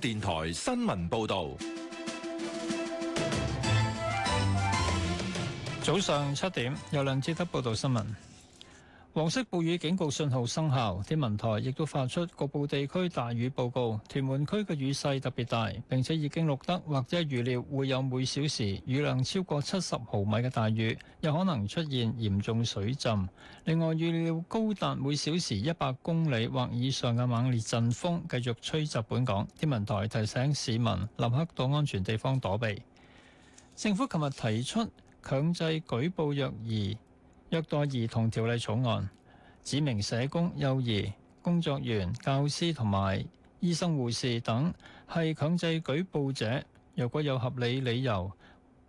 電台新聞報道，早上七點有梁志德報道新聞。黃色暴雨警告信號生效，天文台亦都發出局部地區大雨報告。屯門區嘅雨勢特別大，並且已經錄得或者預料會有每小時雨量超過七十毫米嘅大雨，有可能出現嚴重水浸。另外預料高達每小時一百公里或以上嘅猛烈陣風繼續吹襲本港。天文台提醒市民立刻到安全地方躲避。政府琴日提出強制舉報虐兒。虐待兒童條例草案指明社工、幼兒工作員、教師同埋醫生、護士等係強制舉報者。如果有合理理由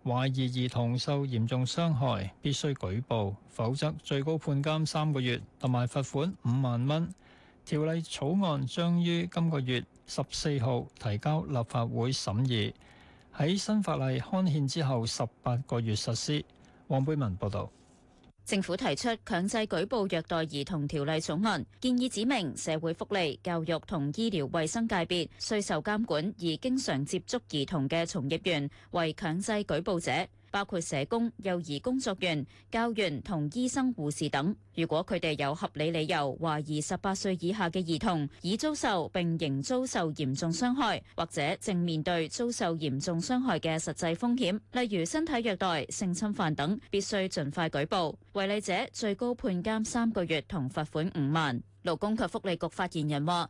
懷疑兒童受嚴重傷害，必須舉報，否則最高判監三個月同埋罰款五萬蚊。條例草案將於今個月十四號提交立法會審議。喺新法例刊憲之後十八個月實施。黃貝文報導。政府提出強制舉報虐待兒童條例草案，建議指明社會福利、教育同醫療衛生界別需受監管，而經常接觸兒童嘅從業員為強制舉報者。包括社工、幼兒工作員、教員同醫生、護士等。如果佢哋有合理理由懷疑十八歲以下嘅兒童已遭受並仍遭受嚴重傷害，或者正面對遭受嚴重傷害嘅實際風險，例如身體虐待、性侵犯等，必須盡快舉報。違例者，最高判監三個月同罰款五萬。勞工及福利局發言人話。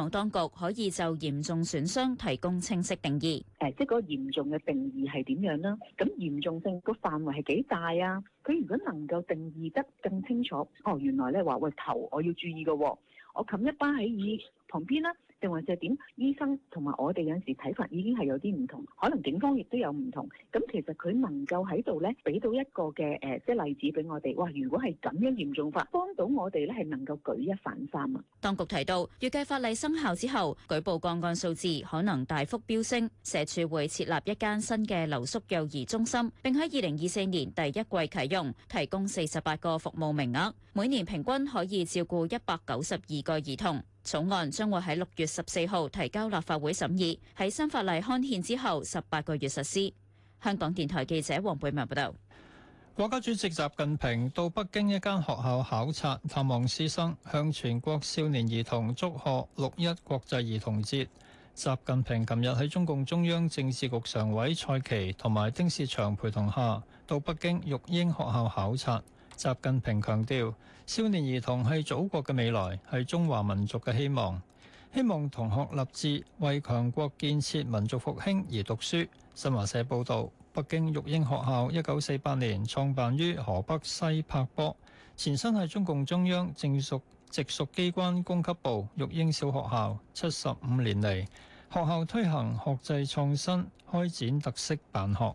當局可以就嚴重損傷提供清晰定義，誒，即係個嚴重嘅定義係點樣啦？咁嚴重性個範圍係幾大啊？佢如果能夠定義得更清楚，哦，原來咧話喂頭，我要注意嘅，哦，我冚一巴喺耳旁邊啦。定或者點？醫生同埋我哋有陣時睇法已經係有啲唔同，可能警方亦都有唔同。咁其實佢能夠喺度呢，俾到一個嘅誒，即係例子俾我哋。哇！如果係咁樣嚴重法，幫到我哋呢係能夠舉一反三啊！當局提到，預計法例生效之後，舉報個案數字可能大幅飆升。社署會設立一間新嘅留宿幼兒中心，並喺二零二四年第一季啟用，提供四十八個服務名額，每年平均可以照顧一百九十二個兒童。草案將會喺六月十四號提交立法會審議，喺新法例刊憲之後十八個月實施。香港電台記者黃貝文報道。國家主席習近平到北京一間學校考察探望師生，向全國少年兒童祝賀六一國際兒童節。習近平琴日喺中共中央政治局常委蔡奇同埋丁薛祥陪同下，到北京育英學校考察。習近平強調。少年兒童係祖國嘅未來，係中華民族嘅希望。希望同學立志為強國建設、民族復興而讀書。新華社報道：北京育英學校一九四八年創辦於河北西柏坡，前身係中共中央正屬直屬機關供給部育英小學校。七十五年嚟，學校推行學制創新，開展特色辦學。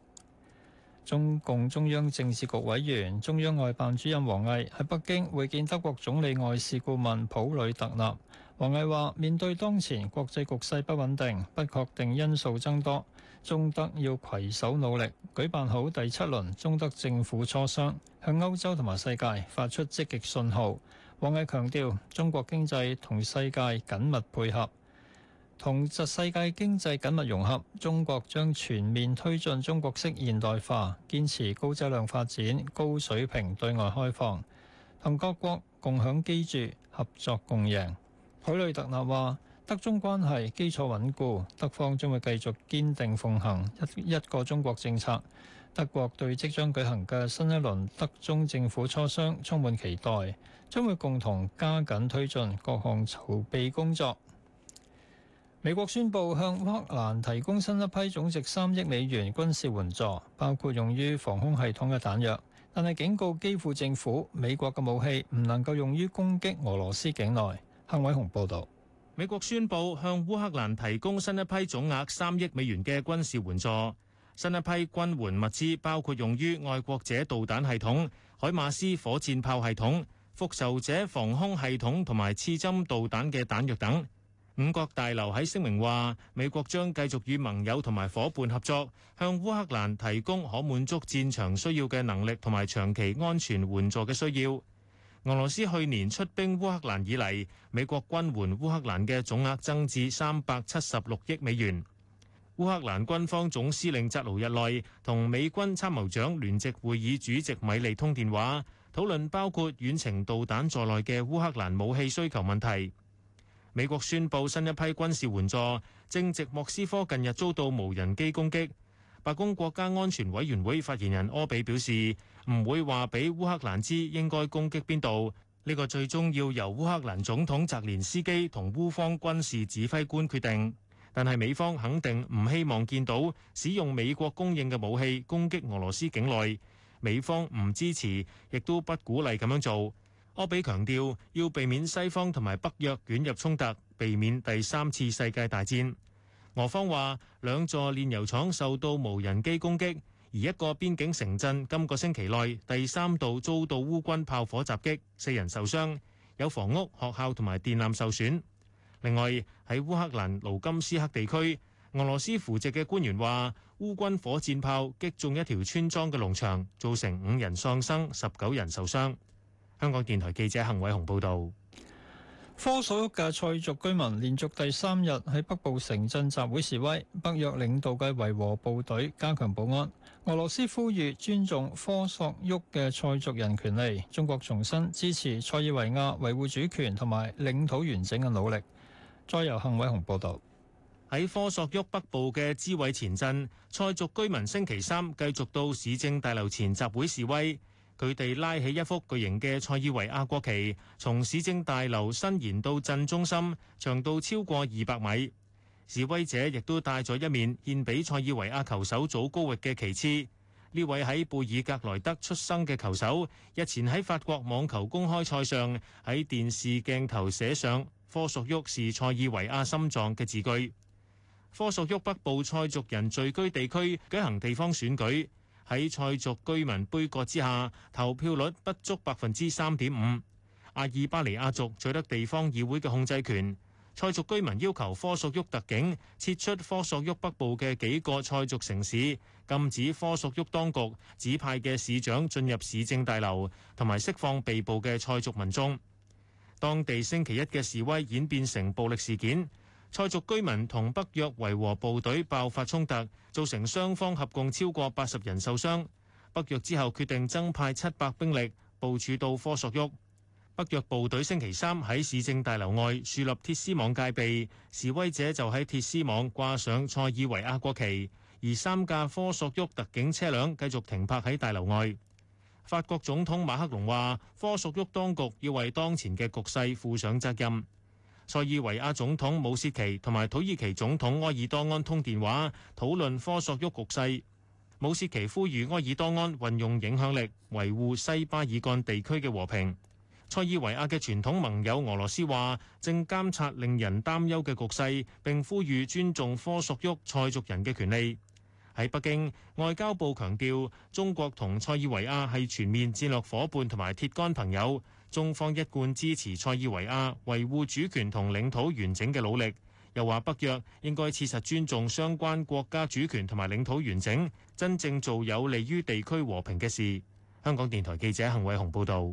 中共中央政治局委員、中央外辦主任王毅喺北京會見德國總理外事顧問普呂特納，王毅話面對當前國際局勢不穩定、不確定因素增多，中德要携手努力舉辦好第七輪中德政府磋商，向歐洲同埋世界發出積極信號，王毅強調中國經濟同世界緊密配合。同世界經濟緊密融合，中國將全面推進中國式現代化，堅持高質量發展、高水平對外開放，同各國共享機遇、合作共贏。普雷特納話：德中關係基礎穩固，德方將會繼續堅定奉行一一個中國政策。德國對即將舉行嘅新一輪德中政府磋商充滿期待，將會共同加緊推進各項籌備工作。美國宣布向烏克蘭提供新一批總值三億美元軍事援助，包括用於防空系統嘅彈藥，但係警告基輔政府，美國嘅武器唔能夠用於攻擊俄羅斯境內。陳偉雄報導，美國宣布向烏克蘭提供新一批總額三億美元嘅軍事援助，新一批軍援物資包括用於愛國者導彈系統、海馬斯火箭炮系統、復仇者防空系統同埋刺針導彈嘅彈藥等。五角大樓喺聲明話，美國將繼續與盟友同埋伙伴合作，向烏克蘭提供可滿足戰場需要嘅能力同埋長期安全援助嘅需要。俄羅斯去年出兵烏克蘭以嚟，美國軍援烏克蘭嘅總額增至三百七十六億美元。烏克蘭軍方總司令扎盧日內同美軍參謀長聯席會議主席米利通電話，討論包括遠程導彈在內嘅烏克蘭武器需求問題。美國宣布新一批軍事援助，正值莫斯科近日遭到無人機攻擊。白宮國家安全委員會發言人柯比表示，唔會話俾烏克蘭知應該攻擊邊度，呢、這個最終要由烏克蘭總統澤連斯基同烏方軍事指揮官決定。但係美方肯定唔希望見到使用美國供應嘅武器攻擊俄羅斯境內，美方唔支持，亦都不鼓勵咁樣做。柯比強調要避免西方同埋北約捲入衝突，避免第三次世界大戰。俄方話兩座煉油廠受到無人機攻擊，而一個邊境城鎮今個星期內第三度遭到烏軍炮火襲擊，四人受傷，有房屋、學校同埋電纜受損。另外喺烏克蘭盧甘斯克地區，俄羅斯扶植嘅官員話烏軍火箭炮擊中一條村莊嘅農場，造成五人喪生，十九人受傷。香港電台記者幸偉雄報道：科索沃嘅塞族居民連續第三日喺北部城鎮集會示威，北約領導嘅維和部隊加強保安。俄羅斯呼籲尊重科索沃嘅塞族人權利。中國重申支持塞爾維亞維護主權同埋領土完整嘅努力。再由幸偉雄報道：喺科索沃北部嘅支委前鎮，塞族居民星期三繼續到市政大樓前集會示威。佢哋拉起一幅巨型嘅塞爾維亞國旗，從市政大樓伸延到鎮中心，長度超過二百米。示威者亦都帶咗一面獻畀塞爾維亞球手祖高域嘅旗幟。呢位喺貝爾格萊德出生嘅球手，日前喺法國網球公開賽上喺電視鏡頭寫上科索沃是塞爾維亞心臟嘅字句。科索沃北部塞族人聚居地區舉行地方選舉。喺塞族居民杯葛之下，投票率不足百分之三點五。阿爾巴尼亞族取得地方議會嘅控制權，塞族居民要求科索沃特警撤出科索沃北部嘅幾個塞族城市，禁止科索沃當局指派嘅市長進入市政大樓，同埋釋放被捕嘅塞族民眾。當地星期一嘅示威演變成暴力事件。塞族居民同北約維和部隊爆發衝突，造成雙方合共超過八十人受傷。北約之後決定增派七百兵力部署到科索沃。北約部隊星期三喺市政大樓外樹立鐵絲網戒備，示威者就喺鐵絲網掛上塞爾維亞國旗，而三架科索沃特警車輛繼續停泊喺大樓外。法國總統馬克龍話，科索沃當局要為當前嘅局勢負上責任。塞爾維亞總統武士奇同埋土耳其總統埃爾多安通電話，討論科索沃局勢。武士奇呼籲埃爾多安運用影響力維護西巴爾干地區嘅和平。塞爾維亞嘅傳統盟友俄羅斯話，正監察令人擔憂嘅局勢，並呼籲尊重科索沃塞族人嘅權利。喺北京，外交部強調中國同塞爾維亞係全面戰略伙伴同埋鐵杆朋友。中方一貫支持塞爾維亞維護主權同領土完整嘅努力，又話北約應該切實尊重相關國家主權同埋領土完整，真正做有利於地區和平嘅事。香港電台記者陳偉雄報道。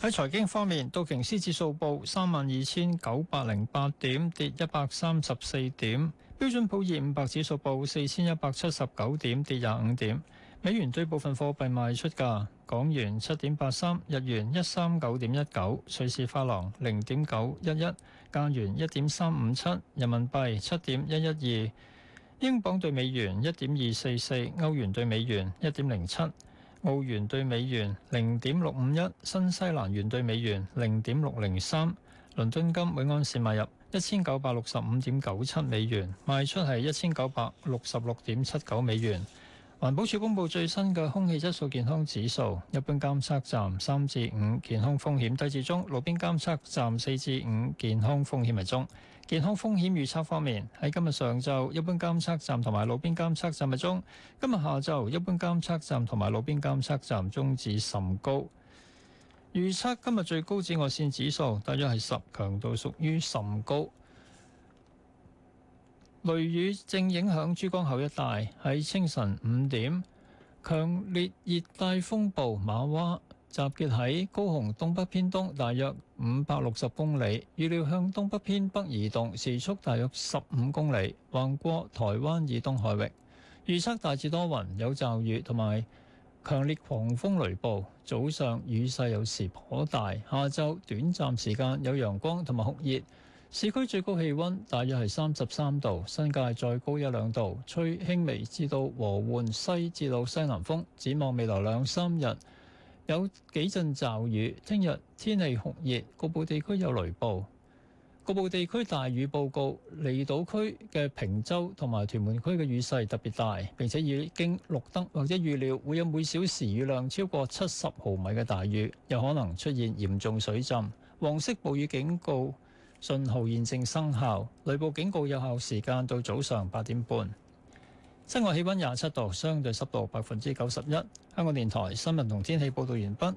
喺財經方面，道瓊斯指數報三萬二千九百零八點，跌一百三十四點，標準普爾五百指數報四千一百七十九點，跌廿五點，美元對部分貨幣賣出噶。港元七點八三，日元一三九點一九，瑞士法郎零點九一一，加元一點三五七，人民幣七點一一二，英鎊對美元一點二四四，歐元對美元一點零七，澳元對美元零點六五一，新西蘭元對美元零點六零三，倫敦金每安士買入一千九百六十五點九七美元，賣出係一千九百六十六點七九美元。環保署公布最新嘅空氣質素健康指數，一般監測站三至五，健康風險低至中；路邊監測站四至五，健康風險係中。健康風險預測方面，喺今日上晝，一般監測站同埋路邊監測站係中；今日下晝，一般監測站同埋路邊監測站中至甚高。預測今日最高紫外線指數大約係十，強度屬於甚高。雷雨正影響珠江口一帶，喺清晨五點，強烈熱帶風暴馬蛙集結喺高雄東北偏東大約五百六十公里，預料向東北偏北移動，時速大約十五公里，橫過台灣以東海域。預測大致多雲，有驟雨同埋強烈狂風雷暴，早上雨勢有時頗大，下晝短暫時間有陽光同埋酷熱。市區最高氣溫大約係三十三度，新界再高一兩度，吹輕微至到和緩西至到西南風，展望未來兩三日有幾陣驟雨。聽日天，天氣酷熱，局部地區有雷暴，局部地區大雨報告。離島區嘅坪洲同埋屯門區嘅雨勢特別大，並且已經綠燈或者預料會有每小時雨量超過七十毫米嘅大雨，有可能出現嚴重水浸。黃色暴雨警告信號現正生效，雷暴警告有效時間到早上八點半。室外氣溫廿七度，相對濕度百分之九十一。香港電台新聞同天氣報道完畢。